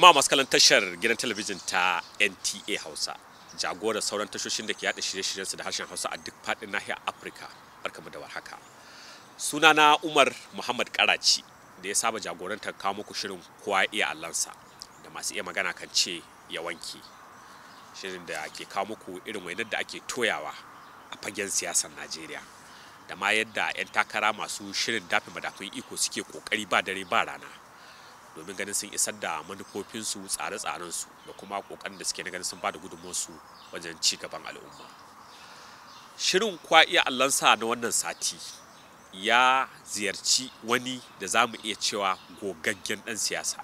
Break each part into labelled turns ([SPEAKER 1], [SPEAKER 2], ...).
[SPEAKER 1] jama'a masu kallon tashar gidan talabijin ta nta hausa jagorar sauran tashoshin da ke yada shirye-shiryensu da harshen hausa a duk faɗin nahiyar afirka barkamu da warhaka sunana umar muhammad karaci da ya saba jagorantar kawo muku shirin kowa iya allansa da masu iya magana kan ce ya wanke shirin da ke kawo muku irin wainar da ake toyawa a fagen siyasar najeriya da ma yadda 'yan takara masu shirin dafi madafin iko suke kokari ba dare ba rana domin ganin sun isar da manufofinsu tsare-tsarensu da kuma kokarin da suke na ganin sun ba da gudunmuwarsu wajen ci gaban al'umma shirin kwa iya allansa na wannan sati ya ziyarci wani da za mu iya cewa gogaggen dan siyasa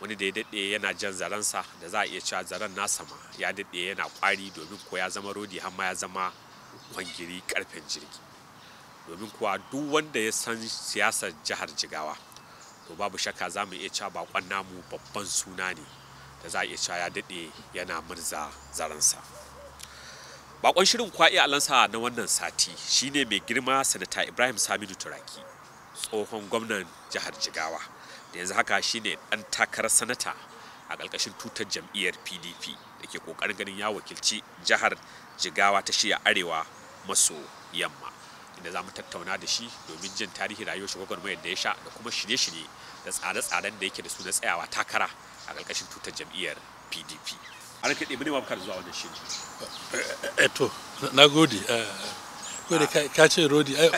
[SPEAKER 1] wani da ya daɗe yana jan zaransa da za a iya cewa zaren nasa ma ya daɗe yana kwari domin ko ya zama rodi har ma ya zama kwangiri ƙarfen jirgi domin kuwa duk wanda ya san siyasar jihar jigawa to babu shakka za mu iya cewa bakon namu babban suna ne da za a iya cewa ya daɗe yana murza zaransa bakon shirin iya alansa na wannan sati shine mai girma sanata ibrahim saminu turaki tsohon gwamnan jihar jigawa da yanzu haka shine ɗan takarar sanata a ƙarƙashin tutar jam'iyyar pdp da ke ƙoƙarin ganin ya wakilci jihar jigawa ta shiya arewa maso yamma inda za mu tattauna da shi domin jin tarihi rayuwar shugaban mai da ya sha da kuma shirye-shirye da tsare-tsaren da yake da su na tsayawa takara a ƙarƙashin tutar jam'iyyar pdp an kaɗe mini wankan zuwa wannan shi
[SPEAKER 2] eto eh, na gode eh, gode ka ce rodi ai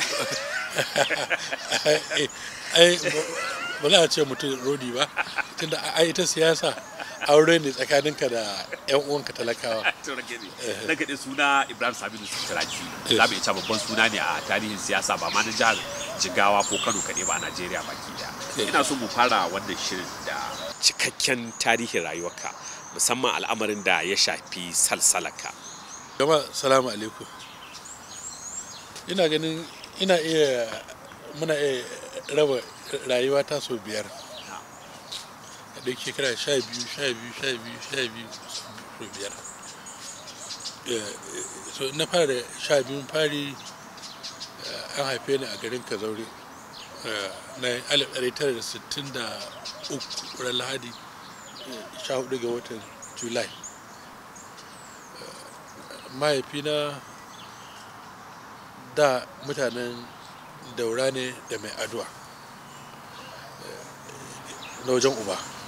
[SPEAKER 2] ba za a ce mutum rodi ba tunda ai ita siyasa aure ne tsakaninka da yan uwanka talakawa
[SPEAKER 1] na gade suna ibrahim saminu turaki eh. za mu iya babban suna ne a tarihin siyasa ba ma na jihar jigawa ko kano kaɗai ba a najeriya baki da. Eh. ina so mu fara wannan shirin da cikakken tarihin rayuwarka musamman al'amarin da ya shafi salsalaka jama salamu alaikum
[SPEAKER 2] ina ganin ina iya muna iya raba rayuwa ta so biyar A ɗauki shekara sha biyu sha biyu sha biyu sha biyu so biyar eh, so na fara sha biyun fari eh, an haife ni a garin kazaure eh, na alif ɗari tara da sittin da uku sha watan julai mahaifina da mutanen daura ne da mai aduwa na wajen uba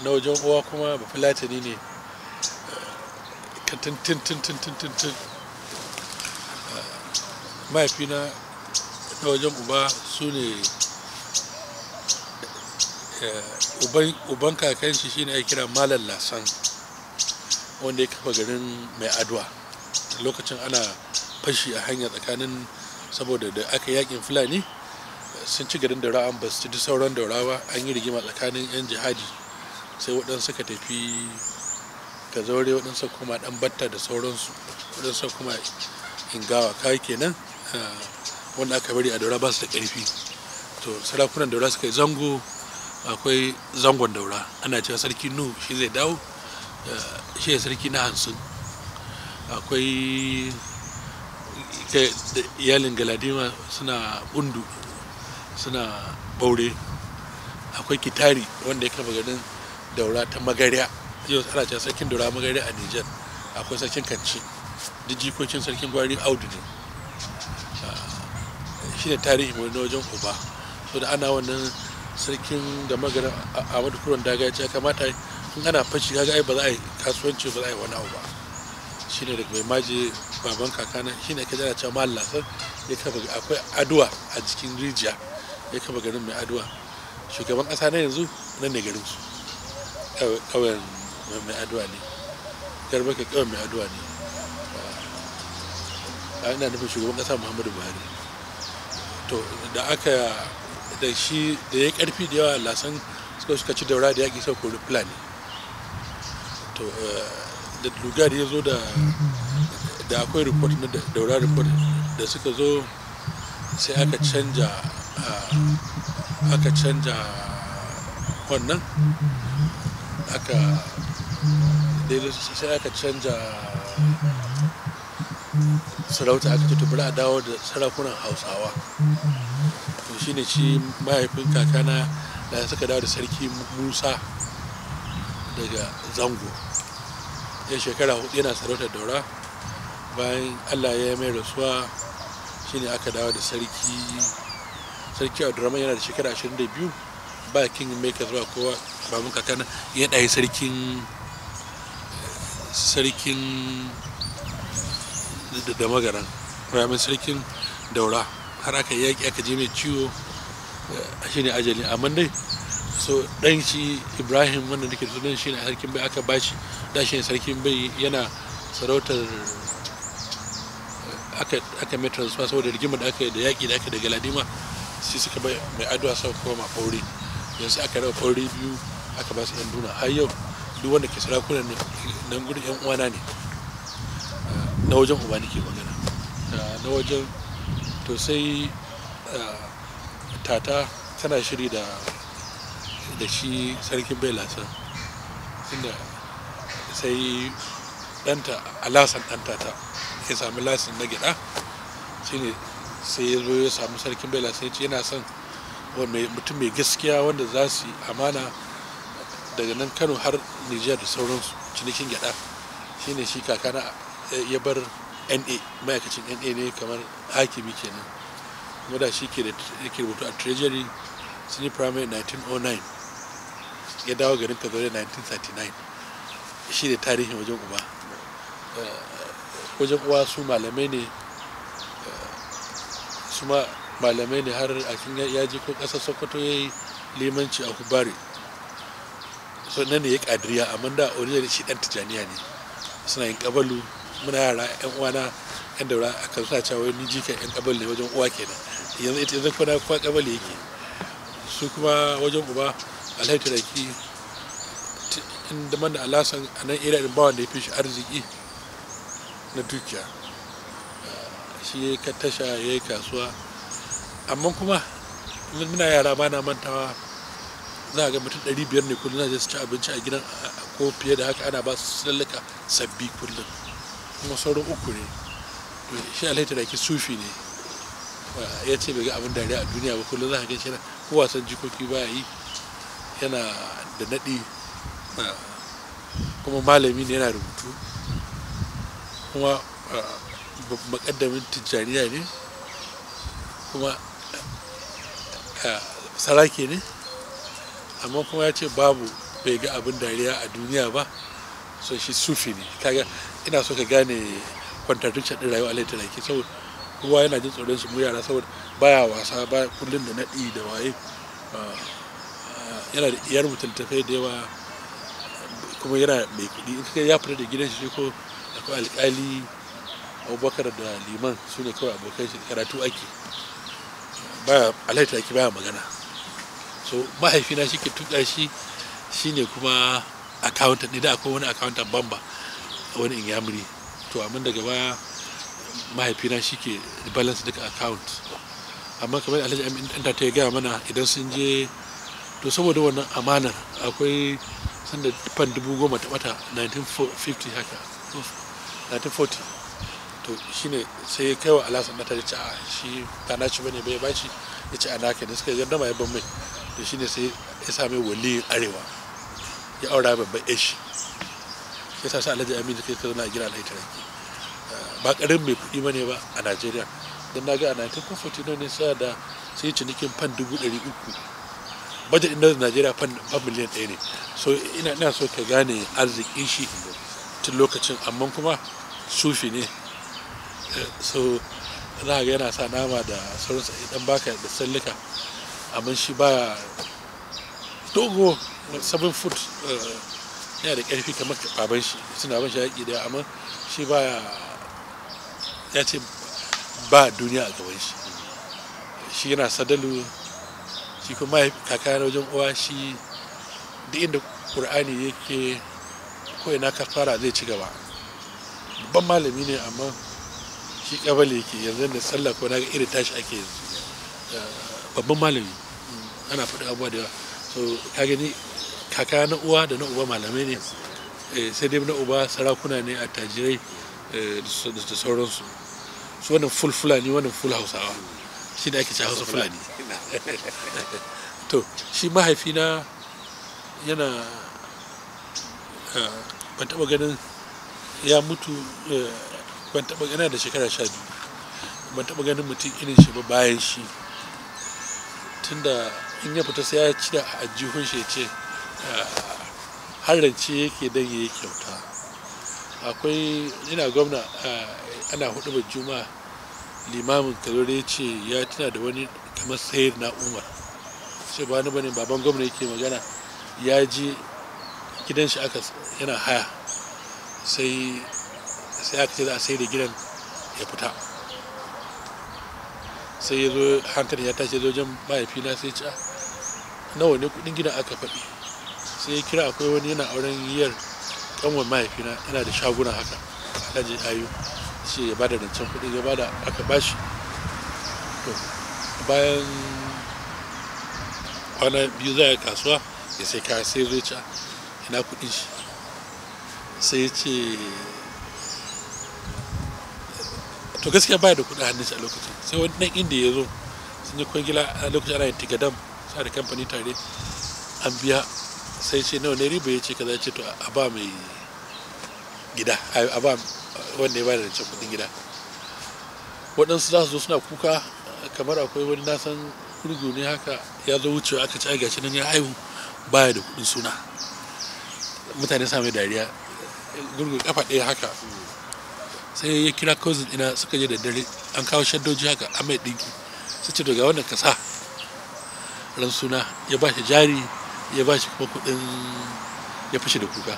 [SPEAKER 2] na wajen uwa kuma ba filatani ne ka tintintintintintin mahaifina na wajen uba su ne eh, uban kakan shi shine ya kira malam lasan wanda ya kafa garin mai adwa lokacin ana fashi a hanya tsakanin saboda da aka yakin fulani sun ci garin da ra'an ba su ci sauran daurawa an yi rigima tsakanin 'yan jihadi sai waɗansu ka tafi ka zaure waɗansu kuma ɗan batta da sauransu waɗansu kuma ingawa kai kenan ah, wanda aka bari a daura ba su da ƙarfi to sarakunan daura suka yi zango akwai zangon daura ana cewa sarki nu shi zai dawo ah, shi sarki na hansun akwai iyalin galadima suna bundu suna baure akwai kitari wanda ya kafa garin daura ta magariya yau ana can sarkin daura magariya a nijar akwai sarkin kanci duk jikokin sarkin gwari audu ne ah, shi ne tarihi mai wajen uba so da ana wannan sarkin da a wadda kuron daga ya ce kamata in ana fashi kaga ai ba za a yi kasuwanci ba za a yi wani abu ba shi ne daga mai maji baban kakana shi ne kaji ana cewa mahal lasar ya kafa akwai aduwa a jikin rijiya ya kafa garin mai aduwa shugaban ƙasa na yanzu nan ne garin su kawai mai ne garba mai ne a ina nufin shugaban kasa muhammadu buhari to da aka da shi da ya karfi da yawa lasan suka suka ci daura da yaƙi sau kori fulani to eh, da lugari ya zo da da akwai report na daura report da suka zo sai aka canja ah, aka canja wannan aka sai aka canza sarauta aka ce bari a dawo da sarakunan hausawa to ne shi mahaifin kakana da suka dawo da sarki musa daga zango ya shekara hudu yana sarautar daura bayan allah ya mai rasuwa shi ne aka dawo da sarki sarki abdurrahman yana da shekara 22 ba king maker zuwa kowa babu kakan ya ɗaya sarkin sarkin da magaran ramin sarkin daura har aka yaƙi aka je mai ciwo eh, shi ne ajali amma dai so ɗan shi ibrahim wanda nake da sunan shi ne sarkin bai aka bashi da shi ne sarkin bai yana sarautar eh, aka mai transfer saboda rigimar da aka yi da yaƙi da aka da galadima sai suka bai mai addu'a sau kuma ma aure yanzu aka rawa aure biyu aka ba su yan duna har yau duk wanda ke sarakunan nan gudun yan uwana ne na wajen uba nake magana na wajen to sai tata tana shiri da da shi sarkin bai lasan inda sai ɗanta alasan ɗan tata ya sami lasin na gida shine sai ya zo ya samu sarkin bai lasan ya ce yana son mutum mai gaskiya wanda za su amana daga nan kano har niger da sauransu cinikin gyada shine shi kakana eh, ya bar na ma'aikacin na ne kamar hakimi kenan kuma da shi ke da yake rubutu a treasury sun yi primary 1909 ya dawo garin kaduna 1939 shi da tarihin wajen uba eh, wajen uba su malamai ne eh, su malamai ne har a ya yaji ko ƙasar sokoto ya yi limanci a hubari so ne ya kadiriya amma da oriya shi dan tijaniya ne suna yin kabalu muna yara yan uwana yan daura a kan suna cewa ni jika yan kabalu ne wajen uwa kenan yanzu ita yanzu kuma kuma kabalu yake su kuma wajen uba alhaji turaki inda man da alasan a nan ira din bawan da ya fi shi arziki na dukiya shi ka tasha ya yi kasuwa amma kuma muna yara ba na mantawa za ga mutum 500 biyar ne kullum zai ci abinci a gidan ko fiye da haka ana ba su sabbi kullum kuma sauran uku ne to shi alhaita da ke sufi ne ya ce bai ga abin dariya a duniya ba kullum za ka shi na wasan jikoki ba yi yana da naɗi kuma malami ne yana rubutu kuma makaddamin tijjaniya ne kuma saraki ne amma kuma ya ce babu bai ga abin dariya a duniya ba so shi sufi ne kaga ina so ka gane contradiction shaɗin rayuwa alai talaki saboda kowa yana jin tsoron su mu yara saboda baya wasa ba kullum da naɗi da waye ah, ah, yana da iyar mutuntafe da yawa kuma yana mai kuɗi in ya fita da gidan shi ko akwai alƙali abubakar da liman su ne kawai abokan shi karatu ake baya alai talaki baya magana so mahaifina shi ke tuka shi shine kuma akawunta ne da akwai wani akawuntan bamba wani inyamuri to amma daga baya mahaifina shi ke balance duka account amma kamar da alhaji inda ta gaya mana idan sun je to saboda wannan amanar akwai sanda fan dubu goma ta bata 1950 haka 1940 to shine sai ya kai wa alasan nata ya ci a shi ba na ci bane bai baci ya ci a naka da suka yi gardama ya ban mai da shine sai ya same waliyin arewa ya aura babban yashi ya sa sa alhaji aminu kai ka zauna a gida alhaji taraki ba karin mai ba bane ba a najeriya don na ga a 1949 ne sa da sai cinikin fan dubu ɗari uku budget ɗin najeriya fan miliyan ɗaya ne so ina ina so ka gane arzikin shi tun lokacin amma kuma sufi ne eh, so za ga yana sa nama da sauransa idan baka da sallika abin shi baya dogo 7 foot eh, yana da ƙarfi kamar baban shi suna abin shi ƙi da amma shi baya ya ce ba duniya a gaban shi shi yana sadalu shi kuma kaka na wajen uwa shi da inda ƙur'ani yake ke ina na fara zai ci gaba babban malami ne amma shi ƙabali ke yanzu da sallah ko na ga irin tashi ake yanzu eh, babban malami ana faɗi abubuwa da yawa so ka gani kaka na uwa da na uba malamai ne eh, sai dai na uba sarakuna ne attajirai eh, da sauransu su wannan ful fulani wannan full hausawa shi da ake ci hausa fulani to shi mahaifina yana eh, ban taɓa ganin ya mutu ban taɓa gana da shekara sha biyu ban taɓa ganin mutum irin shi ba bayan shi tunda in ya fita sai ya ci da ajihun shi ce ah, harance yake dan yayi kyauta akwai ina gwamna ah, ana hudu ba juma limamin kalore ce ya tuna da wani kamar sayar na umar ce ba ni bane baban gwamna yake magana ya ji gidan shi aka yana haya sai sai aka ce za a sai da gidan ya fita sai ya zo hankali ya tashi ya wajen mahaifina sai ya ci nawa ne kudin gidan aka faɗi sai ya kira akwai wani yana auren yiyar ƙanwar mahaifina yana da shaguna haka alhaji ayu shi ya bada rancen kudin ya bada aka bashi to bayan kwana biyu za a kasuwa ya sai kaya sai zai ci ina kudin shi sai ya ce to gaskiya baya da kudin hannun shi a lokacin sai wani dan inda ya zo sun yi kwangila a lokacin ana yin tigadam tsari kamfani tare an biya sai ce nawa ne riba ya ce kaza ce to a ba mai gida a ba wanda ya bada rancen kudin gida waɗansu za su zo suna kuka kamar akwai wani nasan kurgu ne haka ya zo wucewa aka ci aga nan ya haihu baya da kudin suna mutane sa dariya gurgu kafa ɗaya haka sai ya kira cousin ina suka je da dare an kawo shaddoji haka a mai ɗinki su ce to ga wannan kasa Ransuna ya ba shi jari ya ba shi kuma kuɗin ya fashe da kuka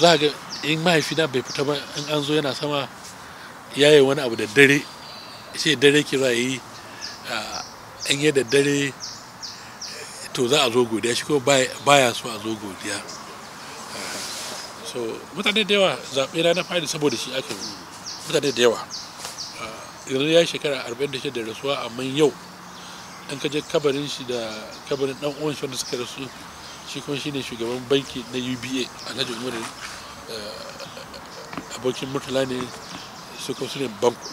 [SPEAKER 2] za ga in mahaifina bai fita ba in an zo yana sama ya yi wani abu da dare sai dare ke za yi an yi da dare to za a zo godiya shi ko baya so a zo godiya so mutane da yawa zaɓe na fari saboda shi aka yi mutane da yawa yanzu ya shekara 46 da rasuwa amma yau in ka je kabarin shi da kabarin dan uwan shi wanda suka rasu shi kuma shine shugaban banki na UBA Alhaji Umar eh, abokin mutula ne su kuma su ne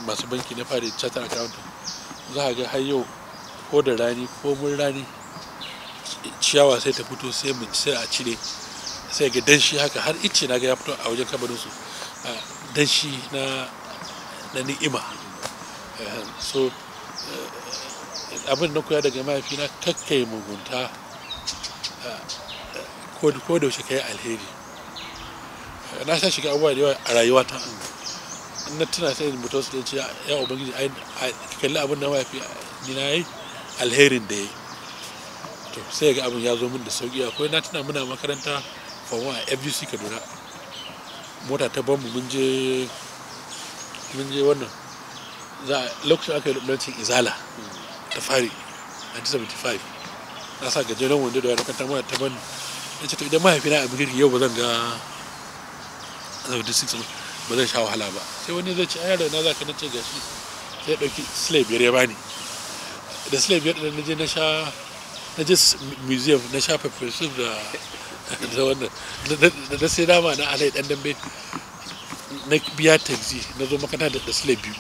[SPEAKER 2] masu banki na fari charter account za a ga har yau ko da rani ko mun rani ciyawa sai ta fito sai mu sai a cire sai ga danshi haka har ice na ga ya fito a wajen kabarin su ah, danshi na na ni'ima eh, so abin da koya daga mahaifina kakkai mugunta eh, eh, ko da wuce kai alheri na sha shiga abubuwa da yawa a rayuwa ta an na tuna sai mutum su ce ya ubangiji a kalli abin da mahaifi ni na yi alherin da ya yi to sai ga abin ya zo min da sauki akwai na tuna muna makaranta fawa a fgc kaduna mota ta bamu mun je mun je wannan za a lokacin aka yi lokacin izala ta fari 1975 na sa gajeren wanda da wani kwanta mara ta bani ya ce to idan mahaifina a girki yau ba zan ga 76 ba zan sha wahala ba sai wani zai ce a yaro na za ka nace gashi sai ɗauki slave biyar ya bani da slave biyar da na je na sha na je museum na sha pepper da da wannan da sai dama na alai dan dambe na biya taxi na zo makana da slave biyu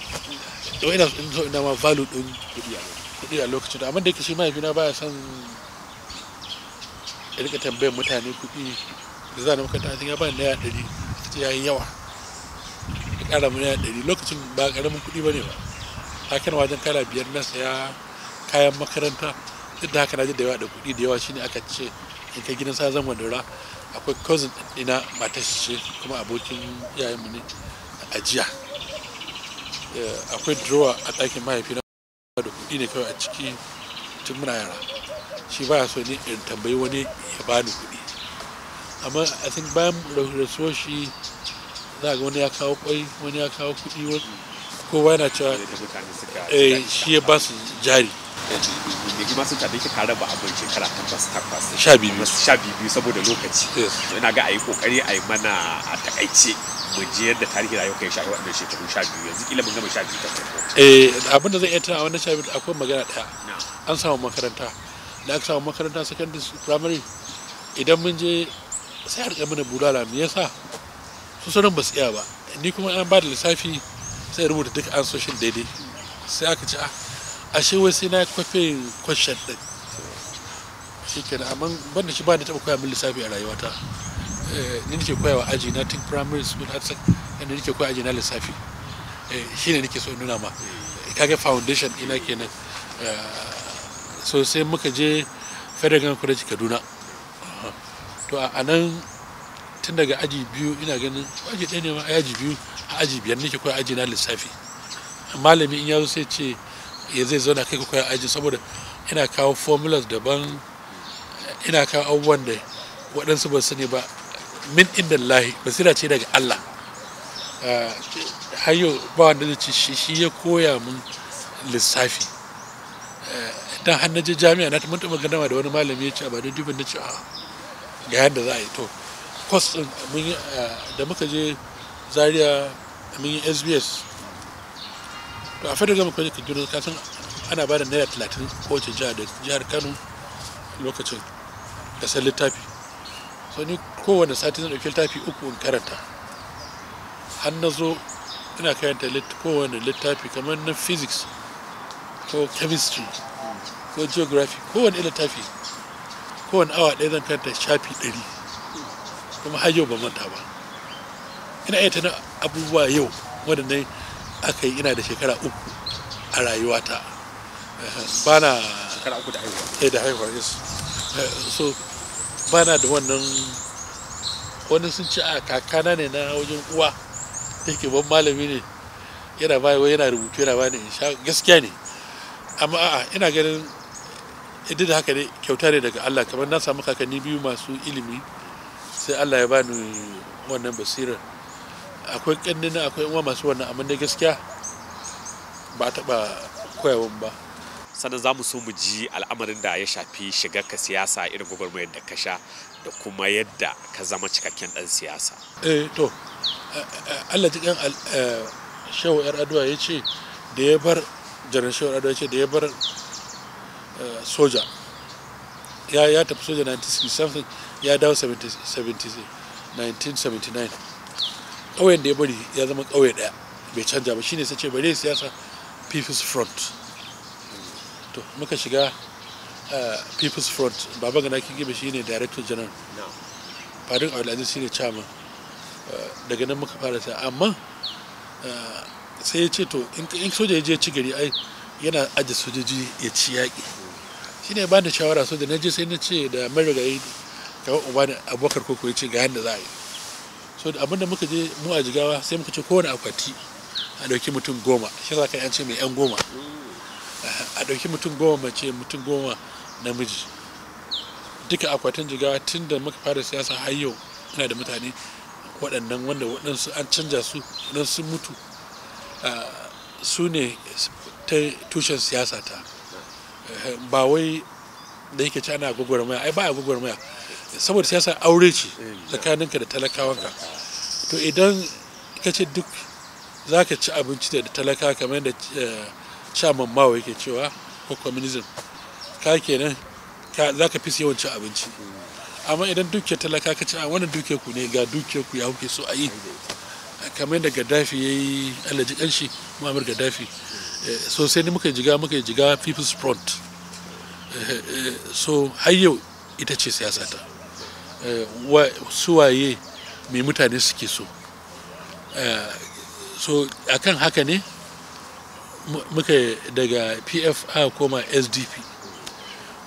[SPEAKER 2] to ina so ina ma value din kuɗi a kuɗi a lokacin da amma da yake shi mahaifina baya son ya rika tambayar mutane kuɗi da za na a ya bani naira ɗari ta ya yawa ya ƙara mu naira ɗari lokacin ba ƙaramin kuɗi ba ne ba hakan wajen kala biyar na saya kayan makaranta duk da haka na ji da yawa da kuɗi da yawa shine aka ce in ka gidan sa zan wadura akwai cousin ɗina matar ce kuma abokin iyayenmu ne a jiya eh, akwai drawer a ɗakin mahaifina da kuɗi ne kawai a ciki tun muna yara shi baya so ne in tambayi wani ya bani kuɗi amma I think bayan rasuwar shi za ga wani ya kawo kwai wani ya kawo kuɗi kowa yana cewa
[SPEAKER 1] eh, shi ya ba su jari mai girma sun tabe shekara ba abin shekara takwas takwas sha biyu sha biyu saboda lokaci ina ga ayi kokari a yi mana a takaice mu je yadda tarihi rayuwa kai sha wannan shekaru sha biyu yanzu kila mun gama sha biyu ta farko
[SPEAKER 2] eh abin da zan iya tuna a wannan sha biyu akwai magana daya an samu makaranta da aka samu makaranta secondary primary idan mun je sai a rika mana bulala me yasa su sanin ba su iya ba ni kuma an ba da lissafi sai rubuta duk an soshin daidai sai aka ci a ah, ashe wai sai na kwafe kwashen din shi na amma ban da shi ba da taɓa koya min lissafi a rayuwata eh, ni nake koya wa aji na tun primary school har sai yadda nake koya aji na lissafi eh, shi ne nake so nuna ma eh, kage foundation ina kenan so sai muka je federal college kaduna to a nan tun daga aji biyu ina ganin aji ɗaya ne ma aji biyu a aji biyar nake koya aji na lissafi malami in yazo sai ce ya zai zauna kai koya aji saboda ina kawo formulas daban ina kawo abubuwan da waɗansu ba su ne ba min inda lahi basira ce daga Allah ah, hayo ba wanda zai ci shi ya koya mun lissafi eh, dan hannun jami'a na mun taɓa ganawa da wani malami ya ce ba da dubin na ce ga yadda za a yi to kwas ɗin ah, da muka je zaria mun yi sbs to a fadar gama project kaduna ka san ana ba da naira talatin kowace jihar da jihar kano lokacin gasar littafi so ni kowane sati zan ɗauki littafi uku in karanta har na zo ina karanta kowane littafi kamar na physics ko chemistry ko geography kowane littafi kowane awa ɗaya zan karanta shafi ɗari kuma har yau ba manta ba ina iya tana abubuwa yau waɗanda aka yi ina da shekara uku a rayuwata ba na shekara uku da haihuwa eh, yes so ba na da wannan wani sun ci a ah, kakana ne na wajen uwa da ke ban malami ne yana bai wai yana rubutu yana bani sha gaskiya ne amma a'a ina ganin idan eh, da haka ne kyauta ne daga Allah kamar na samu kakanni biyu masu ilimi sai Allah ya bani wannan basirar akwai kandina akwai yan masu wannan amma da gaskiya
[SPEAKER 1] ba taɓa koyawan ba sannan za mu so mu ji al'amarin da ya shafi shigar ka siyasa irin gwagwarmayar da ka sha da kuma yadda ka zama cikakken ɗan siyasa
[SPEAKER 2] eh to allah jikin eh, shehu yar adwa ya ce da ya bar janar shehu adwa ya ce da ya bar eh, soja ya tafi soja 1960 ya dawo 1979 ƙauyen da ya bari ya zama ƙauye ɗaya bai canja ba shine sai ce bare siyasa people's front to muka shiga eh, people's front baba gana kin gibe shine director general fadin abdulaziz shine chairman eh, daga nan muka fara sai amma eh, sai ya ce to in soja ya je ci gari ai yana aje sojoji ya ci yaƙi shine ba da shawara soja na je sai na ce da marigayi ka uba abubakar koko ya ce ga yadda za a yi so da abinda muka je mu a jigawa sai muka ce kowane akwati a ɗauki mutum goma shi yi an ce mai yan goma a ɗauki mutum goma mace mutum goma namiji duka akwatin jigawa tun da muka fara siyasa har yau ina da mutane waɗannan wanda waɗansu an canja su waɗansu mutu ah, su ne ta tushen siyasa ta ba wai da yake ci ana maya ai ba a maya. saboda siyasa aure ce tsakaninka da talakawanka to idan ka ce duk za ka ci abinci da talaka kamar yadda eh, chairman mawa yake cewa ko communism ka kenan za ka fi yawan cin abinci amma idan dukiyar talaka ka ce a ah, wannan dukiyar ku ne ga dukiyar ku ya kuke so a yi kamar yadda gaddafi ya yi alaji kanshi muammar gaddafi eh, sosai ne muka jiga muka jiga people's front eh, so har yau ita ce siyasa ta Eh, suwaye mai mutane suke so eh, so akan haka ne muka daga pfa a koma sdp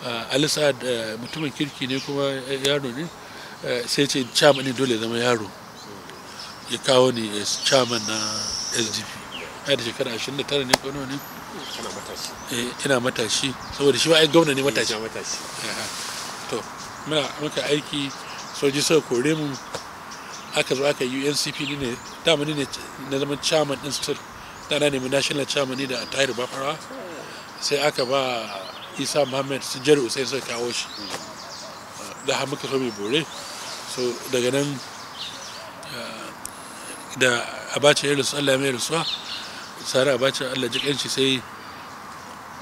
[SPEAKER 2] eh, alisa mutumin kirki ne kuma yaro ne sai ce chairman ne dole zama yaro ya kawo ni chairman na sdp na da shekara 29 ne kano ne ina matashi saboda shi ba ai gwamna ne matashi to muna muka aiki soji suka kore mu aka zo aka yi uncp ni ne dama ne na zama chairman din da dana ne national chairman ne da atahir bafara sai aka ba isa muhammad su jari usai suka kawo shi da hamu ka so mai bore so daga nan eh, da abacin ya rasu allah mai rasuwa sara abacin allah jikanci sai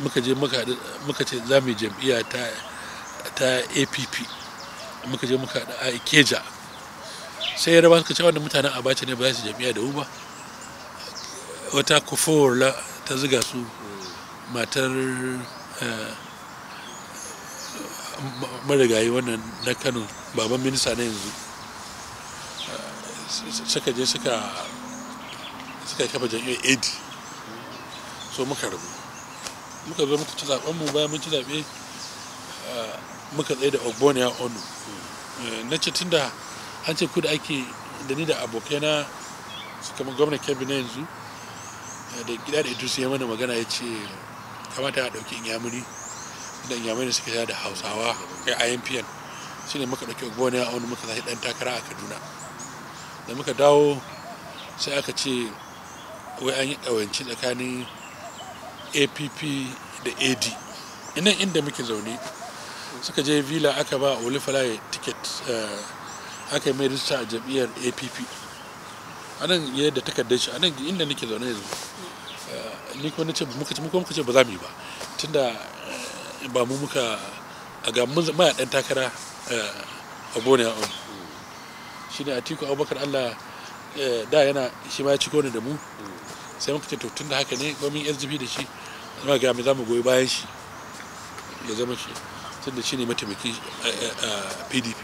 [SPEAKER 2] muka je muka ce za mu jam'iyya ta app muka je muka da a keja sai yaraba suka ce wannan mutanen Abacha ne ba za su jami'a da uba wata la ta ziga su matar eh, marigayi wannan na kano baban minista na yanzu suka je suka suka kafa jami'a ad so muka rabu muka zo muka ci zaben mu bayan mun ci zaɓe eh, muka tsaye da ogbonia onu eh, na ce da an ce kuda ake da ni da abokaina su kama gwamna kebbi na yanzu eh, da gida da idrisu ya mana magana ya ce kamata a ɗauki inyamuri da inyamuri suka sha da hausawa kai eh, impn shi ne muka ɗauki ogbonia onu muka zai ɗan takara a kaduna da muka dawo sai aka ce wai an yi ɗawanci tsakanin app da ad inan inda muke zaune suka je villa aka ba olifalaye ticket eh, aka yi mai a jam'iyyar app a nan ya yadda takardar shi a nan inda nake zaune yanzu eh, ni ko na ce muka ce muka ce ba za mu yi ba tunda eh, ba mu muka a ga mun ma ɗan takara a gona a shi ne atiku abubakar allah da yana shi ma ya ci kone da mu sai muka ce to tunda haka ne gwamnin sdp da shi zama ga mai za mu goyi bayan shi ya zama shi tunda shi ne mataimakin eh, eh, eh, pdp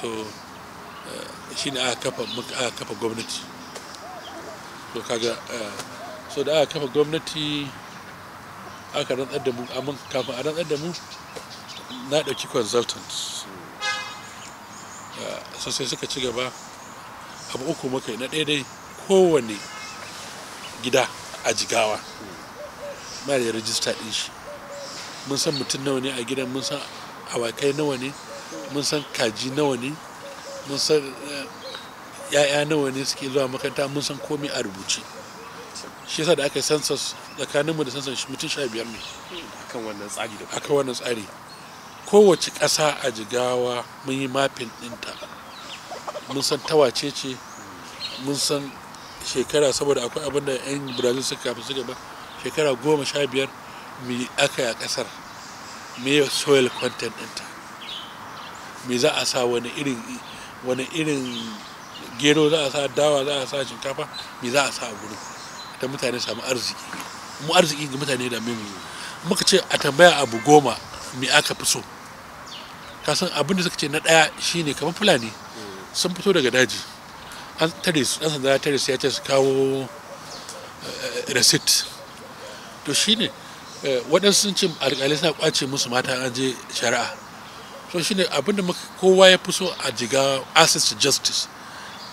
[SPEAKER 2] so shi ne aka kafa gwamnati to kaga so da aka kafa gwamnati aka rantsar da mu amma kafin a rantsar da mu na ɗauki consultant sosai suka ci gaba abu uku muka na ɗaya dai kowane gida a jigawa mai da rajista ɗin shi mun san mutum nawa ne a gidan mun san awakai nawa ne mun san kaji nawa ne mun san eh, ya'ya nawa ne suke zuwa makaranta mun san komai a rubuce shi yasa da aka yi tsakanin tsakaninmu da sansan mutum sha biyar ne akan wannan tsari wannan tsari kowace ƙasa a jigawa mun yi mapin ɗinta mun san tawace ce mun san shekara saboda akwai abin da 'yan brazil suka kafin suka ba shekara goma sha biyar mi aka yi a kasar me soil content ɗinta me za a sa wani irin wani irin gero za a sa dawa za a sa shinkafa me za a sa a gurin mutane samu arziki mu arziki ga mutane da mu muka ce a tambaya abu goma me aka fi so kasan abin da suka ce na ɗaya shine kamar fulani sun fito daga daji an tare su ɗan sanda tare su ya ce su kawo eh, eh, receipt to shine Eh, waɗansu sun ce alƙali suna kwace musu mata an je shari'a so shine abin da kowa ya fi so a jiga access to justice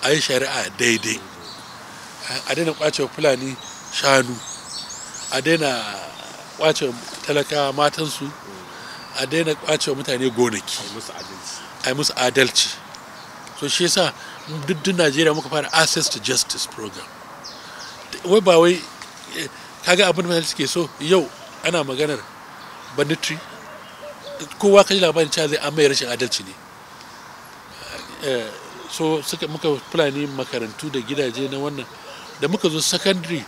[SPEAKER 2] a yi shari'a daidai a daina kwace fulani shanu a daina kwace talaka matansu a daina kwace mutane gonaki a yi musu adalci so shi yasa duk najeriya muka fara access to justice program wai ba wai eh, kaga abin da suke so yau ana maganar banditry kowa kaji labarin cewa zai amma rashin adalci ne eh, so suka muka fulani makarantu da gidaje na wannan da muka zo secondary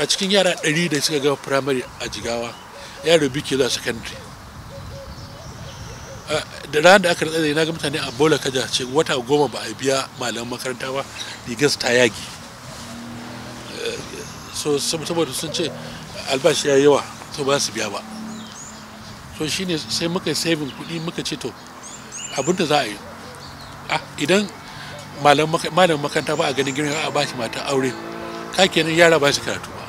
[SPEAKER 2] a cikin yara dari da suka gama primary a jigawa yaro biyu ke zuwa secondary eh, da ranar da aka rantsa da na ga mutane a bola kaja ce wata goma ba a biya malaman makaranta ba gas ta yagi eh, so saboda sun ce albashi ya yawa so ba su biya ba so shine sai muka saving kudi muka ce to abin da za a yi idan malam makaranta ba a ganin girma a ba shi mata aure ka kenan yara ba shi karatu ba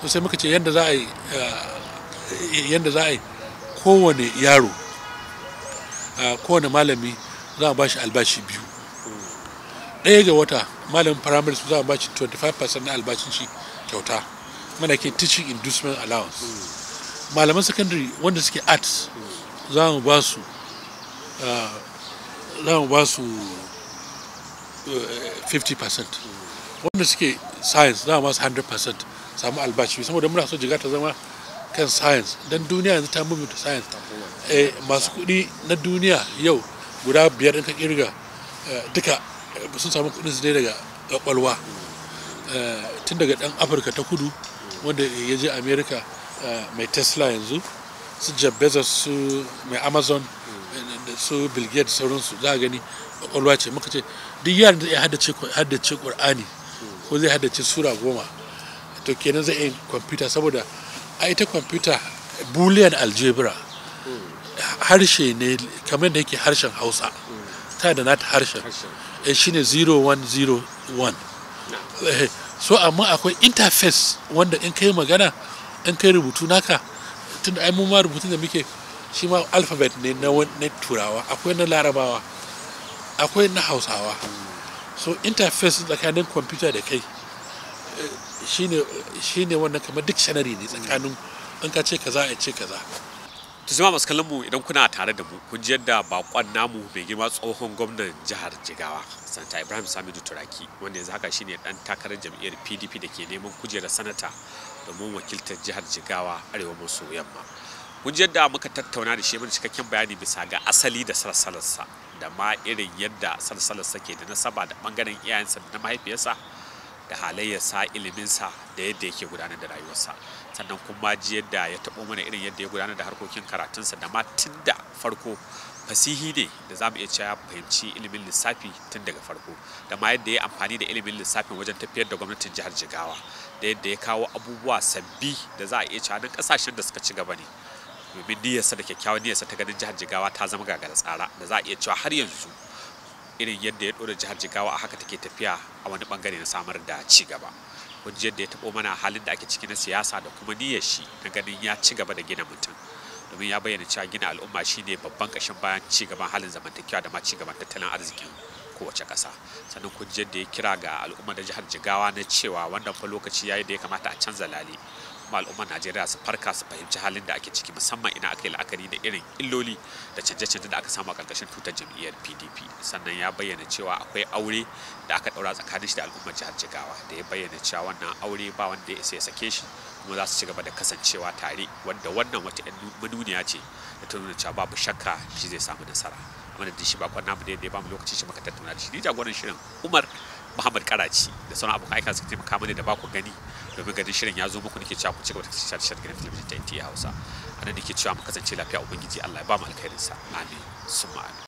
[SPEAKER 2] so sai muka ce yadda za a yi eh, yadda za a yi kowane yaro kowane malami za a ba shi albashi biyu ɗaya ga wata malamin firamare su za a ba shi 25% na albashin shi kyauta mana ke teaching inducement allowance malaman secondary wanda suke arts za mu ba su ah, za mu ba su 50% eh, wanda suke science za mu ba su 100% samu albashi saboda muna so jiga ta zama kan science don duniya yanzu ta mummuta science eh, masu kuɗi na duniya yau guda biyar ɗin ka kirga eh, duka sun samu kuɗin su ne daga ƙwaƙwalwa tun daga ɗan afirka ta kudu wanda ya je america eh, mai tesla yanzu su jeff bezos su mai amazon eh, su bill gates sauransu za a gani kwakwalwa ce muka ce duk yara da ya haddace ƙur'ani ko zai haddace sura goma to kenan zai yin kwamfuta saboda a ita kwamfuta boolean algebra harshe ne kamar da yake harshen hausa ta da nata harshen eh, shine 0101 so amma akwai interface wanda in kai magana in kai rubutu naka tun da mu ma rubutun da muke shi ma alphabet ne na turawa akwai na larabawa akwai na hausawa so interface tsakanin kwamfuta da kai eh, shine wannan kamar dictionary ne tsakanin in ka ce kaza a ce kaza
[SPEAKER 1] to jama'a masu mu idan kuna tare da mu kun ji yadda bakon namu mai girma tsohon gwamnan jihar Jigawa Santa Ibrahim Samidu Turaki wanda yanzu haka shine dan takarar jam'iyyar PDP da ke neman kujerar sanata domin wakiltar jihar Jigawa arewa maso yamma kun ji yadda muka tattauna da shi mun cikakken bayani bisa ga asali da salsalarsa da ma irin yadda salsalarsa ke da nasaba da bangaren iyayensa da na mahaifiyarsa da halayyarsa iliminsa da yadda yake gudanar da rayuwarsa sannan kuma ji yadda ya taɓo mana irin yadda ya gudanar da harkokin karatunsa da ma tun da farko fasihi ne da za mu iya cewa fahimci ilimin lissafi tun daga farko da ma yadda ya amfani da ilimin lissafin wajen tafiyar da gwamnatin jihar jigawa da yadda ya kawo abubuwa sabbi da za a iya cewa duk ƙasashen da suka ci gaba ne domin niyyarsa da kyakkyawan niyyarsa ta ganin jihar jigawa ta zama gagara tsara da za a iya cewa har yanzu irin yadda ya ɗora jihar jigawa a haka take tafiya a wani bangare na samar da ci gaba kun yadda ya taɓo mana halin da ake ciki na siyasa da kuma niyyar shi na ganin ya ci gaba da gina mutum domin ya bayyana cewa gina al'umma shine babban ƙashin bayan ci gaban halin zamantakewa da ma ci gaban tattalin arzikin kowace ƙasa sannan kun da yadda ya kira ga al'umma da jihar jigawa na cewa wannan fa lokaci ya yi da ya kamata a canza lale kuma al'ummar najeriya su farka su fahimci halin da ake ciki musamman ina aka yi la'akari da irin illoli da canje-canje da aka samu a ƙarƙashin tutar jam'iyyar pdp sannan ya bayyana cewa akwai aure da aka ɗaura tsakanin shi da al'ummar jihar jigawa da ya bayyana cewa wannan aure ba wanda ya isa ya sake shi kuma za su ci gaba da kasancewa tare wanda wannan wata manuniya ce da ta nuna cewa babu shakka shi zai samu nasara amma da shi bakon namu ne da ya bamu lokaci shi muka tattauna da shi ni jagoran shirin umar Muhammad Karaci da sauran abokan aika suka taimaka mani da baku gani domin ganin shirin ya zo muku nake cewa ku gaba da kasance tashar gidan talabijin ta NTA Hausa a nan nake cewa mu kasance lafiya ubangiji Allah ya ba mu alkhairinsa amin Suma. amin